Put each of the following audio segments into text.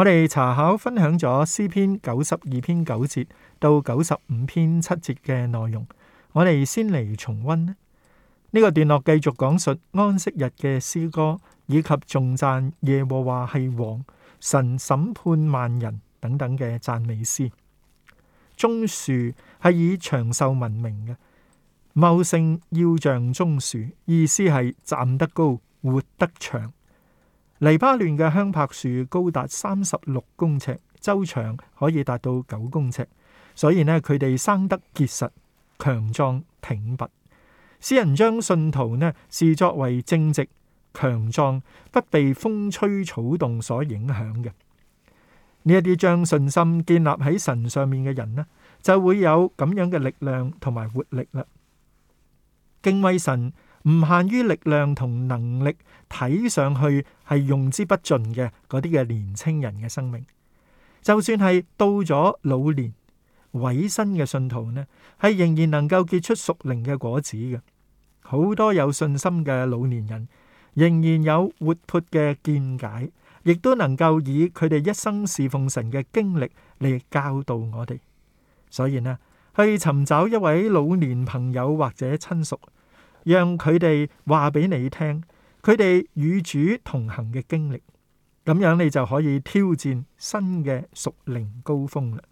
我哋查考分享咗詩篇九十二篇九節到九十五篇七節嘅內容，我哋先嚟重温呢、這個段落，繼續講述安息日嘅詩歌，以及頌讚耶和華係王、神審判萬人等等嘅讚美詩。棕樹係以長壽聞名嘅，茂盛要像棕樹，意思係站得高、活得長。黎巴嫩嘅香柏樹高達三十六公尺，周長可以達到九公尺，所以呢，佢哋生得結實、強壯、挺拔。詩人將信徒呢視作為正直、強壯、不被風吹草動所影響嘅呢一啲將信心建立喺神上面嘅人呢，就會有咁樣嘅力量同埋活力啦。敬畏神。唔限於力量同能力，睇上去係用之不盡嘅嗰啲嘅年青人嘅生命，就算係到咗老年委身嘅信徒呢，係仍然能夠結出熟齡嘅果子嘅。好多有信心嘅老年人仍然有活潑嘅見解，亦都能夠以佢哋一生侍奉神嘅經歷嚟教導我哋。所以呢，去尋找一位老年朋友或者親屬。讓佢哋話俾你聽，佢哋與主同行嘅經歷，咁樣你就可以挑戰新嘅屬靈高峰啦。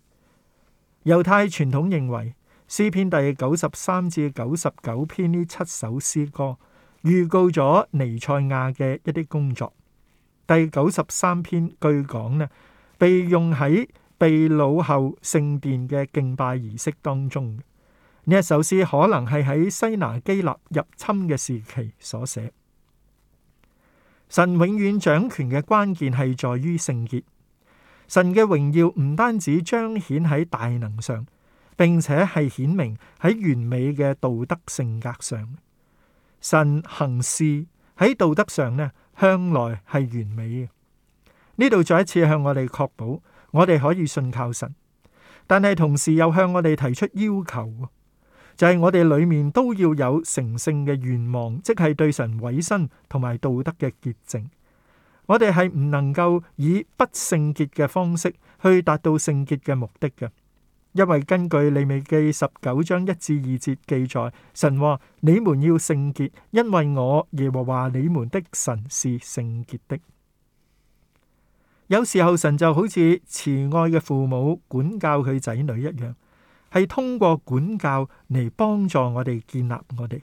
猶太傳統認為詩篇第九十三至九十九篇呢七首詩歌預告咗尼賽亞嘅一啲工作。第九十三篇據講呢，被用喺被擄後聖殿嘅敬拜儀式當中。呢一首詩可能係喺西拿基立入侵嘅時期所寫。神永遠掌權嘅關鍵係在於聖潔。神嘅榮耀唔單止彰顯喺大能上，並且係顯明喺完美嘅道德性格上。神行事喺道德上呢，向來係完美嘅。呢度再一次向我哋確保，我哋可以信靠神，但係同時又向我哋提出要求。就係我哋裏面都要有成聖嘅願望，即係對神委身同埋道德嘅潔淨。我哋係唔能夠以不聖潔嘅方式去達到聖潔嘅目的嘅，因為根據利未記十九章一至二節記載，神話你們要聖潔，因為我耶和華你們的神是聖潔的。有時候神就好似慈愛嘅父母管教佢仔女一樣。係通過管教嚟幫助我哋建立我哋。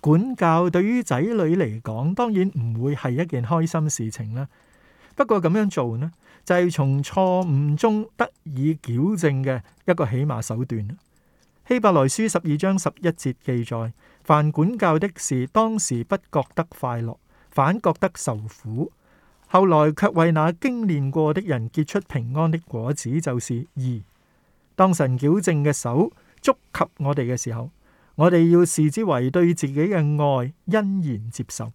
管教對於仔女嚟講，當然唔會係一件開心事情啦。不過咁樣做呢，就係、是、從錯誤中得以矯正嘅一個起碼手段。希伯來書十二章十一節記載：凡管教的事，當時不覺得快樂，反覺得受苦；後來卻為那經練過的人結出平安的果子，就是義。當神矯正嘅手觸及我哋嘅時候，我哋要視之為對自己嘅愛，欣然接受。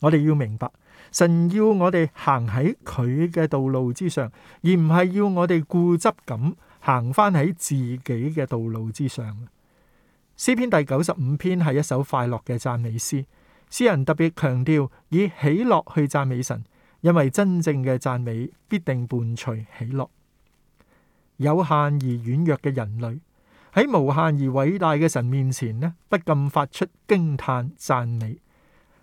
我哋要明白，神要我哋行喺佢嘅道路之上，而唔係要我哋固執咁行翻喺自己嘅道路之上。詩篇第九十五篇係一首快樂嘅讚美詩，詩人特別強調以喜樂去讚美神，因為真正嘅讚美必定伴隨喜樂。有限而軟弱嘅人類喺無限而偉大嘅神面前呢，不禁發出驚嘆讚美。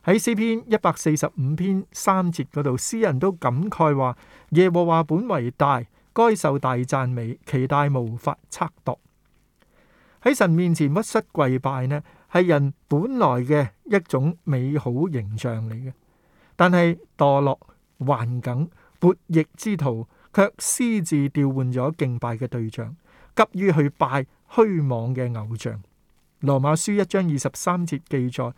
喺詩篇一百四十五篇三節嗰度，詩人都感慨話：耶和華本為大，該受大讚美，其大無法測度。喺神面前屈膝跪拜呢，係人本來嘅一種美好形象嚟嘅。但係墮落、頑梗、悖逆之徒。卻私自調換咗敬拜嘅對象，急於去拜虛妄嘅偶像。羅馬書一章二十三節記載，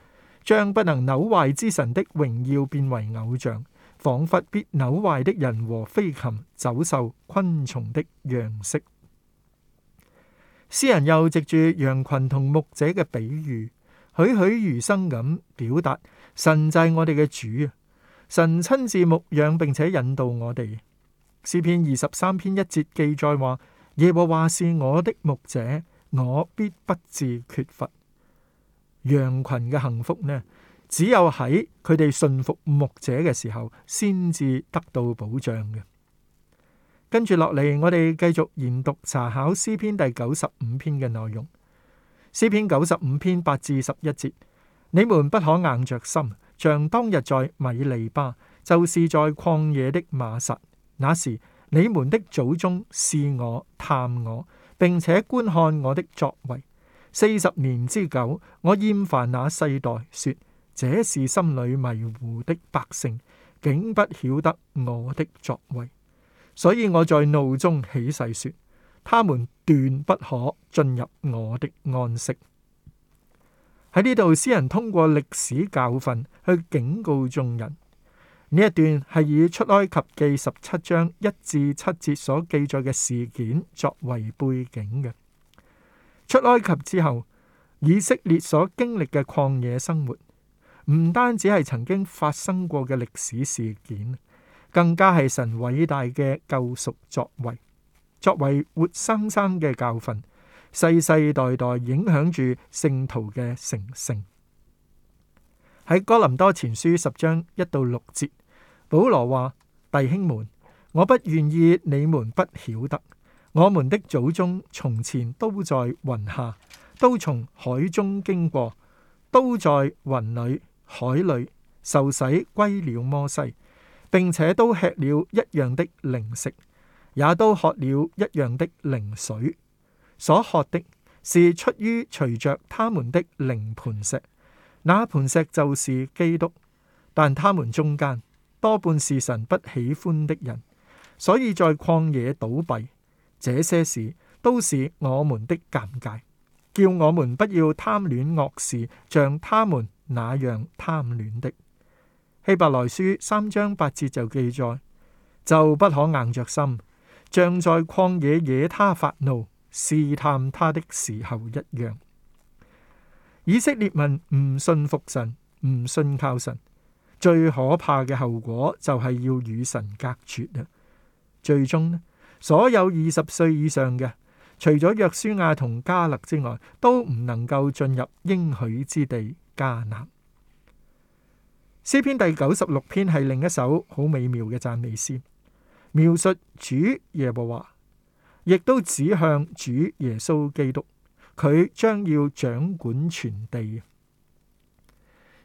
將不能扭壞之神的榮耀變為偶像，仿佛必扭壞的人和飛禽、走獸、昆蟲的樣式。詩人又藉住羊群同牧者嘅比喻，栩栩如生咁表達神就係我哋嘅主，神親自牧養並且引導我哋。詩篇二十三篇一節記載話：耶和華是我的牧者，我必不致缺乏。羊群嘅幸福呢，只有喺佢哋信服牧者嘅時候，先至得到保障嘅。跟住落嚟，我哋繼續研讀查考詩篇第九十五篇嘅內容。詩篇九十五篇八至十一節：你們不可硬着心，像當日在米利巴，就是在曠野的瑪撒。那時你們的祖宗試我探我，並且觀看我的作為。四十年之久，我厭煩那世代，說：這是心裏迷糊的百姓，竟不曉得我的作為。所以我在怒中起誓說：他們斷不可進入我的安息。喺呢度，詩人通過歷史教訓去警告眾人。呢一段係以出埃及記十七章一至七節所記載嘅事件作為背景嘅。出埃及之後，以色列所經歷嘅曠野生活，唔單止係曾經發生過嘅歷史事件，更加係神偉大嘅救贖作為，作為活生生嘅教訓，世世代代影響住聖徒嘅成聖。喺哥林多前書十章一到六節，保羅話：弟兄們，我不願意你們不曉得，我們的祖宗從前都在雲下，都從海中經過，都在雲裏海裏受洗歸了摩西，並且都吃了一樣的靈食，也都喝了一樣的靈水，所喝的是出於隨着他們的靈磐石。那磐石就是基督，但他們中間多半是神不喜歡的人，所以在曠野倒斃。這些事都是我們的鑒戒，叫我們不要貪戀惡事，像他們那樣貪戀的。希伯來書三章八節就記載：就不可硬着心，像在曠野惹他發怒、試探他的時候一樣。以色列民唔信服神，唔信靠神，最可怕嘅後果就係要與神隔絕啊！最終呢，所有二十歲以上嘅，除咗約書亞同迦勒之外，都唔能夠進入應許之地迦南。詩篇第九十六篇係另一首好美妙嘅讚美詩，描述主耶和華，亦都指向主耶穌基督。佢將要掌管全地。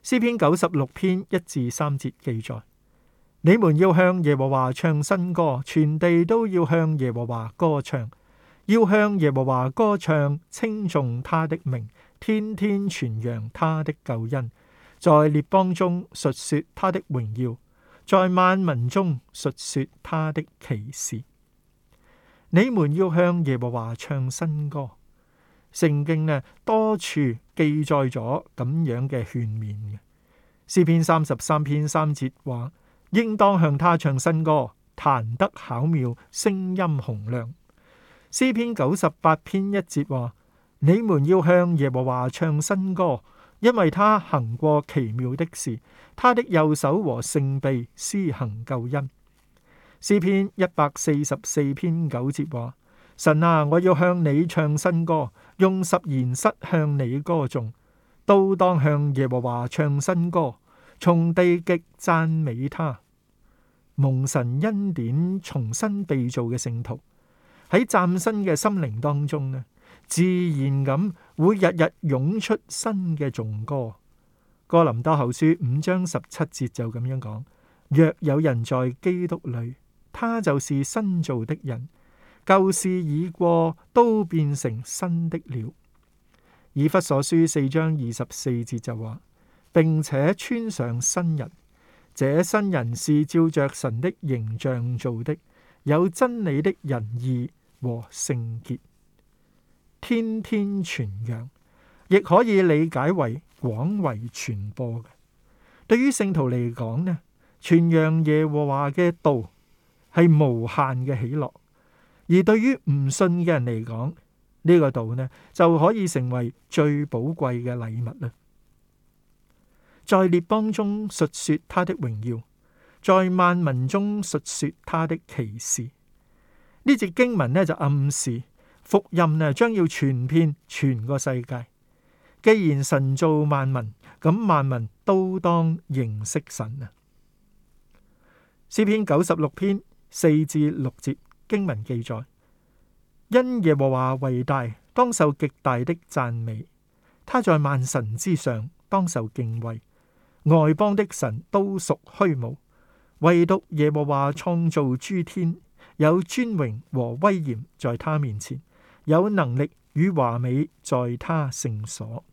詩篇九十六篇一至三節記載：你們要向耶和華唱新歌，全地都要向耶和華歌唱。要向耶和華歌唱，稱頌他的名，天天傳揚他的救恩，在列邦中述說他的榮耀，在萬民中述說他的奇事。你們要向耶和華唱新歌。聖經呢多處記載咗咁樣嘅勸勉嘅，詩篇三十三篇三節話，應當向他唱新歌，彈得巧妙，聲音洪亮。詩篇九十八篇一節話，你們要向耶和華唱新歌，因為他行過奇妙的事，他的右手和聖臂施行救恩。詩篇一百四十四篇九節話，神啊，我要向你唱新歌，用十弦瑟向你歌頌，都當向耶和華唱新歌，從地極讚美他。蒙神恩典重新被造嘅聖徒，喺嶄新嘅心靈當中呢，自然咁會日日湧出新嘅頌歌。哥林多後書五章十七節就咁樣講：若有人在基督裏，他就是新造的人。舊事已過，都變成新的了。以弗所書四章二十四節就話，並且穿上新人。這新人是照着神的形象做的，有真理的仁義和聖潔，天天傳揚，亦可以理解為廣為傳播嘅。對於聖徒嚟講呢，傳揚耶和華嘅道係無限嘅喜樂。而對於唔信嘅人嚟講，呢個、度呢個道呢就可以成為最寶貴嘅禮物啦。在列邦中述說他的榮耀，在萬民中述說他的奇事。呢節經文呢就暗示，福音呢將要傳遍全個世界。既然神造萬民，咁萬民都當認識神啊。詩篇九十六篇四至六節。經文記載，因耶和華偉大，當受極大的讚美；他在萬神之上，當受敬畏。外邦的神都屬虛無，唯獨耶和華創造諸天，有尊榮和威嚴在他面前，有能力與華美在他聖所。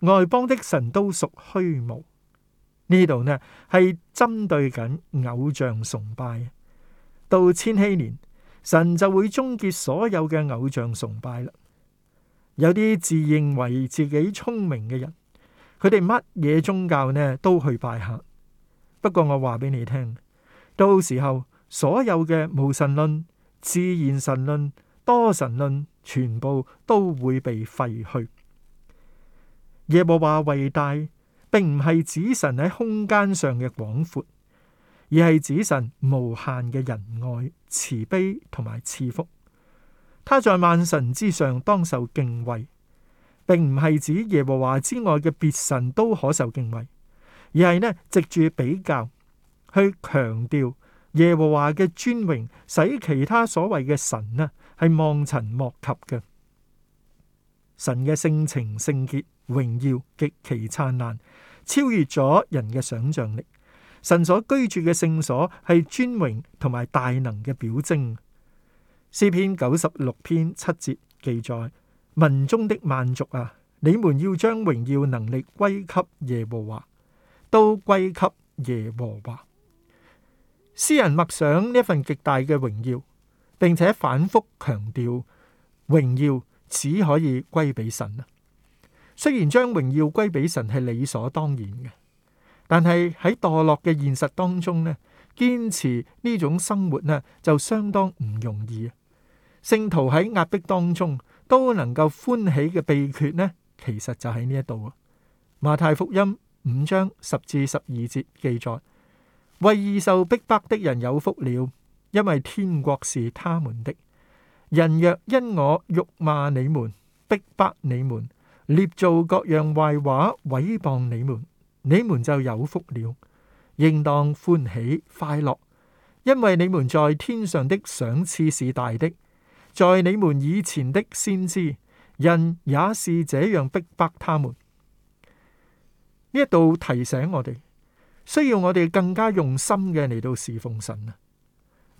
外邦的神都屬虛無。呢度呢係針對緊偶像崇拜。到千禧年，神就會終結所有嘅偶像崇拜啦。有啲自認為自己聰明嘅人，佢哋乜嘢宗教呢都去拜下。不過我話俾你聽，到時候所有嘅無神論、自然神論、多神論，全部都會被廢去。耶和華為大，並唔係指神喺空間上嘅廣闊。而係指神無限嘅仁愛、慈悲同埋賜福。他在萬神之上，當受敬畏，並唔係指耶和華之外嘅別神都可受敬畏，而係呢，藉住比較去強調耶和華嘅尊榮，使其他所謂嘅神呢係望塵莫及嘅。神嘅性情、聖潔、榮耀極其燦爛，超越咗人嘅想象力。神所居住嘅聖所係尊榮同埋大能嘅表徵。詩篇九十六篇七節記載：民中的萬族啊，你們要將榮耀能力歸給耶和華，都歸給耶和華。詩人默想呢份極大嘅榮耀，並且反覆強調，榮耀只可以歸俾神啊。雖然將榮耀歸俾神係理所當然嘅。但係喺墮落嘅現實當中呢，堅持呢種生活呢，就相當唔容易。聖徒喺壓迫當中都能夠歡喜嘅秘訣呢，其實就喺呢一度。馬太福音五章十至十二節記載：為義受逼迫，迫的人有福了，因為天國是他們的。人若因我辱罵你們、逼迫，迫你們、捏造各樣壞話、毀謗你們，你們就有福了，應當歡喜快樂，因為你們在天上的賞賜是大的。在你們以前的先知，人也是這樣逼迫他們。呢一度提醒我哋，需要我哋更加用心嘅嚟到侍奉神啊。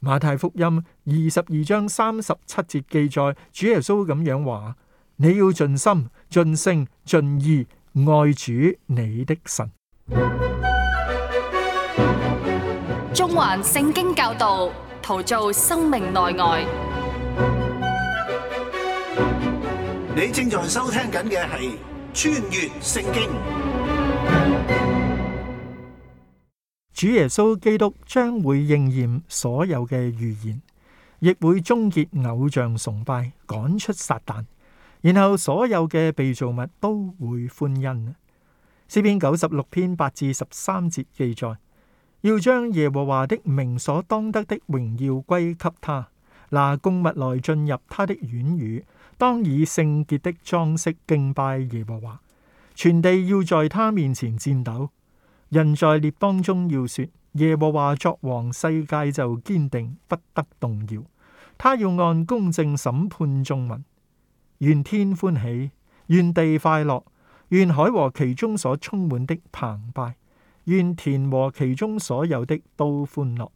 馬太福音二十二章三十七節記載，主耶穌咁樣話：你要盡心、盡性、盡意。愛主你的神。中環聖經教導，陶造生命內外。你正在收聽緊嘅係《穿越聖經》。主耶穌基督將會應驗所有嘅預言，亦會終結偶像崇拜，趕出撒但。然後所有嘅被造物都會歡欣啊！詩篇九十六篇八至十三節記載，要將耶和華的名所當得的榮耀歸給他。拿供物來進入他的院宇，當以聖潔的裝飾敬拜耶和華。全地要在他面前顫抖。人在列邦中要說：耶和華作王，世界就堅定，不得動搖。他要按公正審判眾民。願天歡喜，願地快樂，願海和其中所充滿的澎湃，願田和其中所有的都歡樂。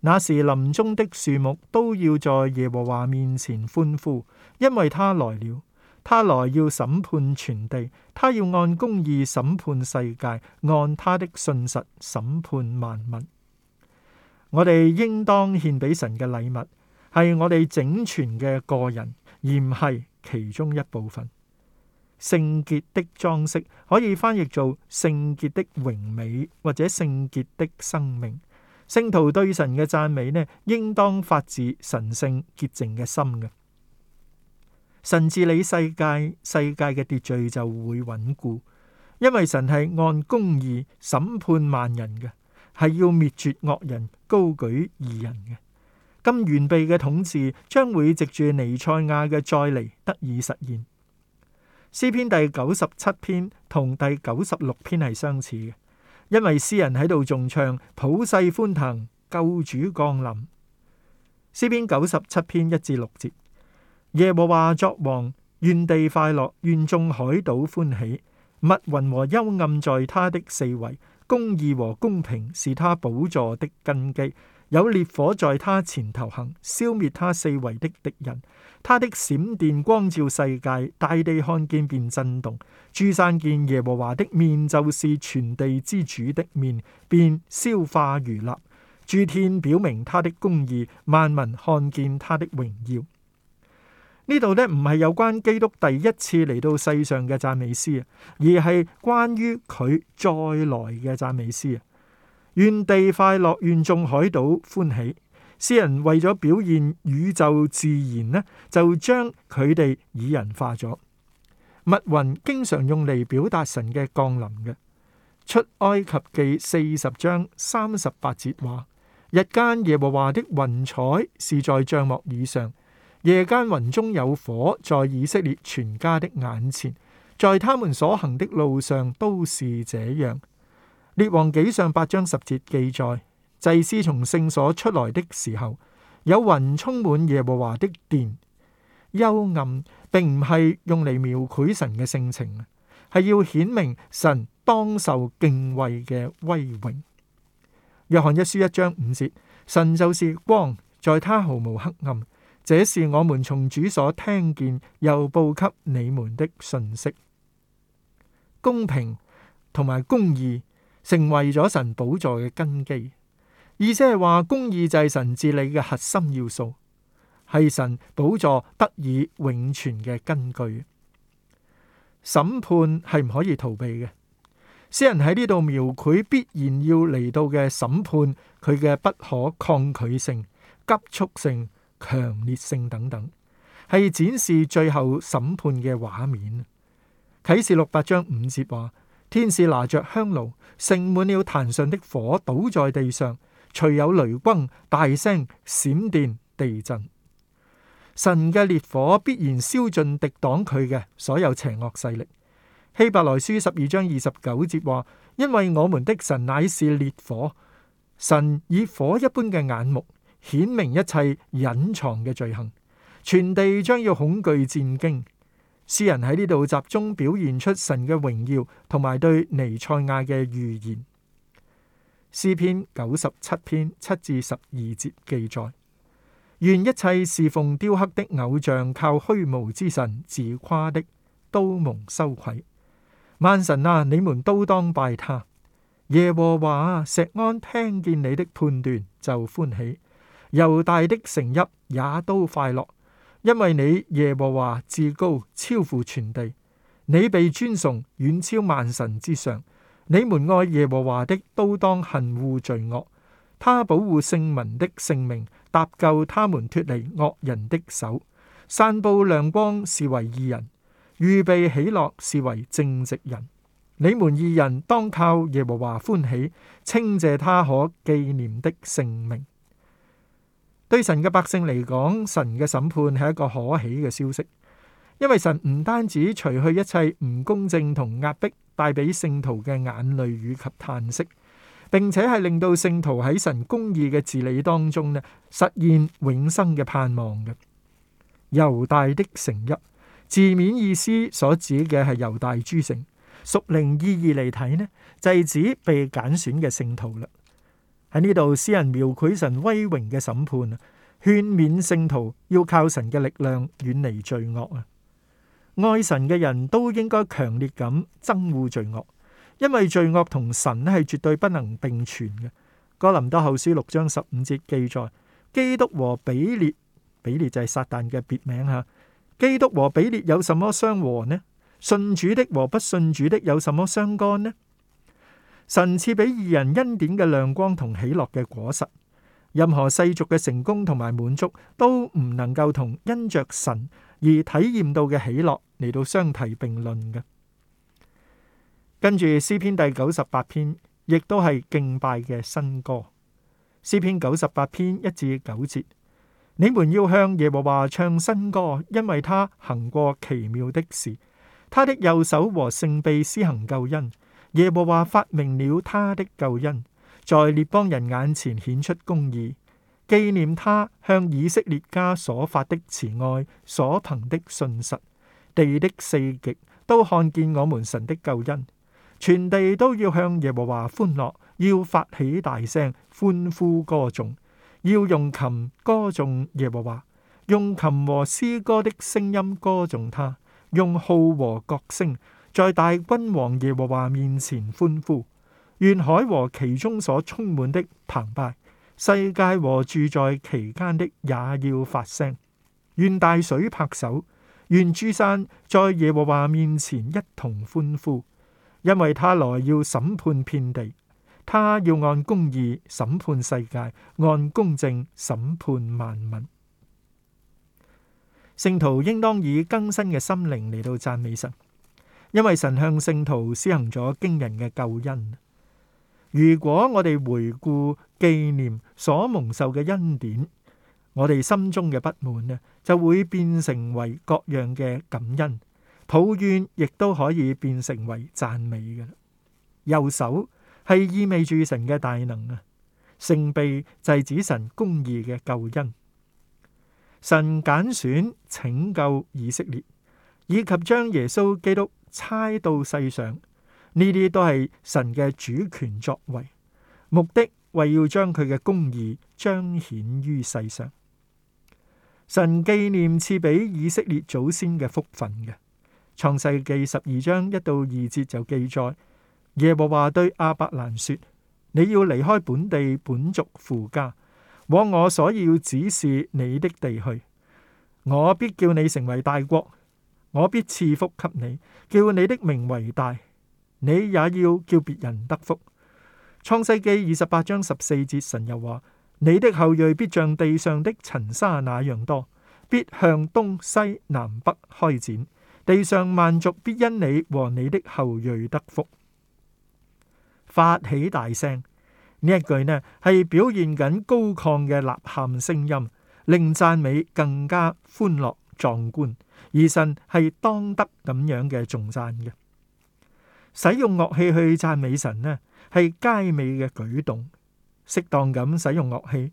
那時林中的樹木都要在耶和華面前歡呼，因為他來了，他來要審判全地，他要按公義審判世界，按他的信實審判萬物。我哋應當獻俾神嘅禮物，係我哋整全嘅個人。而唔係其中一部分。聖潔的裝飾可以翻譯做聖潔的榮美或者聖潔的生命。聖徒對神嘅讚美呢，應當發自神聖潔淨嘅心嘅。神治理世界，世界嘅秩序就會穩固，因為神係按公義審判萬人嘅，係要滅絕惡人，高舉義人嘅。今完備嘅統治將會藉住彌賽亞嘅再嚟，得以實現。詩篇第九十七篇同第九十六篇係相似嘅，因為詩人喺度重唱普世歡騰，救主降臨。詩篇九十七篇一至六節：耶和華作王，願地快樂，願眾海島歡喜。密雲和幽暗在他的四圍，公義和公平是他寶座的根基。有烈火在他前頭行，消滅他四圍的敵人。他的閃電光照世界，大地看見便震動。諸山見耶和華的面，就是全地之主的面，便消化如蠟。諸天表明他的公義，萬民看見他的榮耀。呢度呢，唔係有關基督第一次嚟到世上嘅讚美詩，而係關於佢再來嘅讚美詩。願地快樂，願眾海島歡喜。詩人為咗表現宇宙自然呢，就將佢哋擬人化咗。密雲經常用嚟表達神嘅降臨嘅。出埃及記四十章三十八節話：日間耶和華的雲彩是在帳幕以上；夜間雲中有火，在以色列全家的眼前，在他們所行的路上都是這樣。列王紀上八章十節記載，祭司從聖所出來的時候，有雲充滿耶和華的殿。幽暗並唔係用嚟描繪神嘅性情啊，係要顯明神當受敬畏嘅威榮。約翰一書一章五節，神就是光，在他毫無黑暗。這是我們從主所聽見又報給你們的信息。公平同埋公義。成為咗神寶座嘅根基，意思係話公義就係神治理嘅核心要素，係神寶座得以永存嘅根據。審判係唔可以逃避嘅，詩人喺呢度描繪必然要嚟到嘅審判，佢嘅不可抗拒性、急速性、強烈性等等，係展示最後審判嘅畫面。啟示錄八章五節話。天使拿着香爐盛滿了壇上的火，倒在地上，隨有雷轟、大聲、閃電、地震。神嘅烈火必然燒盡敵擋佢嘅所有邪惡勢力。希伯來書十二章二十九節話：因為我們的神乃是烈火，神以火一般嘅眼目顯明一切隱藏嘅罪行，全地將要恐懼戰驚。詩人喺呢度集中表現出神嘅榮耀，同埋對尼賽亞嘅預言。詩篇九十七篇七至十二節記載：願一切侍奉雕刻的偶像、靠虛無之神自誇的，都蒙羞愧。萬神啊，你們都當拜他。耶和華啊，錫安聽見你的判斷就歡喜，猶大的城邑也都快樂。因為你耶和華至高，超乎全地，你被尊崇，遠超萬神之上。你們愛耶和華的，都當恨惡罪惡，他保護聖民的性命，搭救他們脫離惡人的手，散布亮光是為義人，預備喜樂是為正直人。你們義人當靠耶和華歡喜，稱謝他可紀念的聖名。對神嘅百姓嚟講，神嘅審判係一個可喜嘅消息，因為神唔單止除去一切唔公正同壓迫，帶俾聖徒嘅眼淚與及嘆息，並且係令到聖徒喺神公義嘅治理當中呢，實現永生嘅盼望嘅。猶大的城邑，字面意思所指嘅係猶大諸城，屬靈意義嚟睇呢，就係指被揀選嘅聖徒啦。喺呢度，詩人描繪神威榮嘅審判，勸勉聖徒要靠神嘅力量遠離罪惡啊！愛神嘅人都應該強烈咁憎惡罪惡，因為罪惡同神咧係絕對不能並存嘅。哥林多後書六章十五節記載，基督和比列，比列就係撒旦嘅別名吓。基督和比列有什麼相和呢？信主的和不信主的有什麼相干呢？神賜俾二人恩典嘅亮光同喜樂嘅果實，任何世俗嘅成功同埋滿足都唔能夠同因着神而體驗到嘅喜樂嚟到相提並論嘅。跟住詩篇第九十八篇亦都係敬拜嘅新歌。詩篇九十八篇一至九節，你們要向耶和華唱新歌，因為他行過奇妙的事，他的右手和聖臂施行救恩。耶和華發明了他的救恩，在列邦人眼前顯出公義，紀念他向以色列家所發的慈愛，所憑的信實。地的四極都看見我們神的救恩，全地都要向耶和華歡樂，要發起大聲歡呼歌頌，要用琴歌頌耶和華，用琴和詩歌的聲音歌頌他，用號和角聲。在大君王耶和華面前歡呼，願海和其中所充滿的澎湃，世界和住在其間的也要發聲。願大水拍手，願諸山在耶和華面前一同歡呼，因為他來要審判遍地，他要按公義審判世界，按公正審判萬民。聖徒應當以更新嘅心靈嚟到讚美神。因為神向聖徒施行咗驚人嘅救恩，如果我哋回顧紀念所蒙受嘅恩典，我哋心中嘅不滿呢，就會變成為各樣嘅感恩，抱怨亦都可以變成為讚美嘅啦。右手係意味住神嘅大能啊，聖臂就係指神公義嘅救恩，神揀選拯救以色列，以及將耶穌基督。猜到世上呢啲都係神嘅主權作為，目的為要將佢嘅公義彰顯於世上。神紀念賜俾以色列祖先嘅福分嘅創世紀十二章一到二節就記載，耶和華對亞伯蘭說：你要離開本地本族父家，往我所要指示你的地去，我必叫你成為大國。我必賜福給你，叫你的名為大。你也要叫別人得福。創世記二十八章十四節，神又話：你的後裔必像地上的塵沙那樣多，必向東西南北開展。地上萬族必因你和你的後裔得福。發起大聲，呢一句呢，係表現緊高亢嘅吶喊聲音，令讚美更加歡樂壯觀。而神係當得咁樣嘅頌讚嘅，使用樂器去讚美神呢，係佳美嘅舉動。適當咁使用樂器，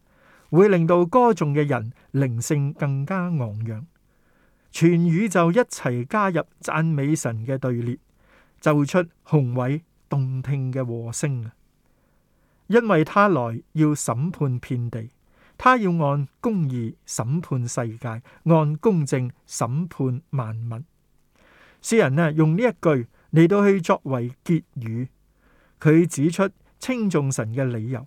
會令到歌頌嘅人靈性更加昂揚，全宇宙一齊加入讚美神嘅隊列，奏出宏偉動聽嘅和聲啊！因為他來要審判遍地。他要按公義審判世界，按公正審判萬民。詩人呢用呢一句嚟到去作為結語，佢指出稱頌神嘅理由，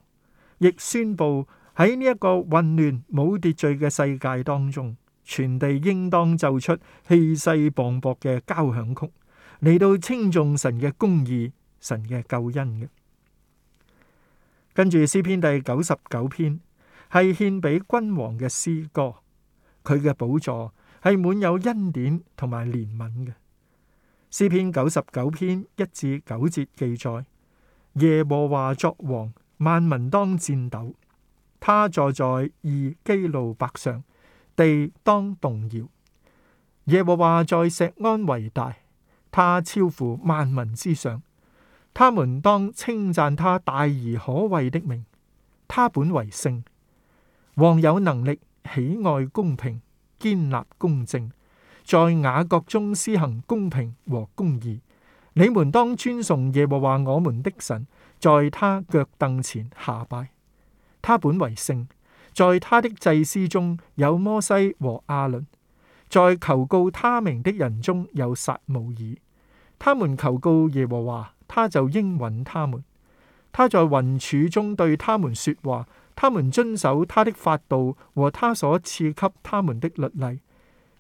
亦宣布喺呢一個混亂冇秩序嘅世界當中，全地應當奏出氣勢磅礴嘅交響曲嚟到稱頌神嘅公義、神嘅救恩嘅。跟住詩篇第九十九篇。係獻俾君王嘅詩歌，佢嘅寶座係滿有恩典同埋憐憫嘅。詩篇九十九篇一至九節記載：耶和華作王，萬民當戰鬥。他坐在二基路伯上，地當動搖。耶和華在錫安為大，他超乎萬民之上。他們當稱讚他大而可畏的名。他本為聖。王有能力，喜愛公平、堅立公正，在雅各中施行公平和公義。你們當尊崇耶和華我們的神，在他腳凳前下拜。他本為聖，在他的祭司中有摩西和亞倫，在求告他名的人中有撒母耳。他們求告耶和華，他就應允他們。他在雲柱中對他們說話。他們遵守他的法度和他所賜給他們的律例。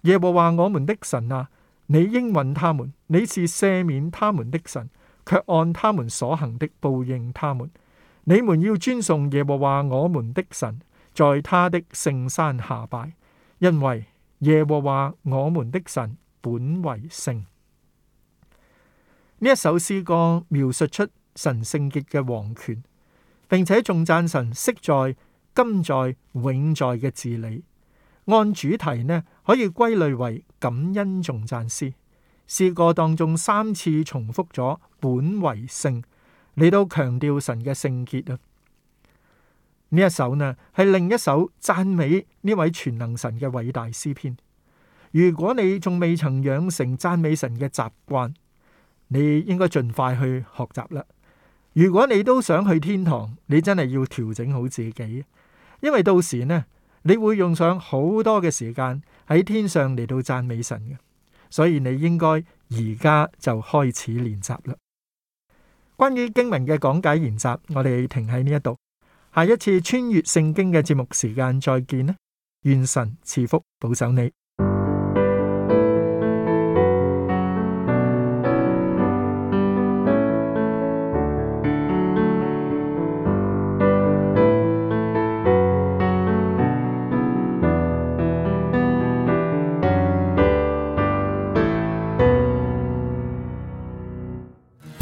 耶和華我們的神啊，你應允他們，你是赦免他們的神，卻按他們所行的報應他們。你們要尊崇耶和華我們的神，在他的聖山下拜，因為耶和華我們的神本為聖。呢一首詩歌描述出神聖潔嘅王權。並且仲讚神昔在、今在、永在嘅治理。按主題呢，可以歸類為感恩頌讚詩。試過當中三次重複咗本為聖，你都強調神嘅聖潔啊！呢一首呢係另一首讚美呢位全能神嘅偉大詩篇。如果你仲未曾養成讚美神嘅習慣，你應該盡快去學習啦。如果你都想去天堂，你真係要調整好自己，因為到時呢，你會用上好多嘅時間喺天上嚟到讚美神嘅，所以你應該而家就開始練習啦。關於經文嘅講解研習，我哋停喺呢一度，下一次穿越聖經嘅節目時間再見啦，願神賜福保守你。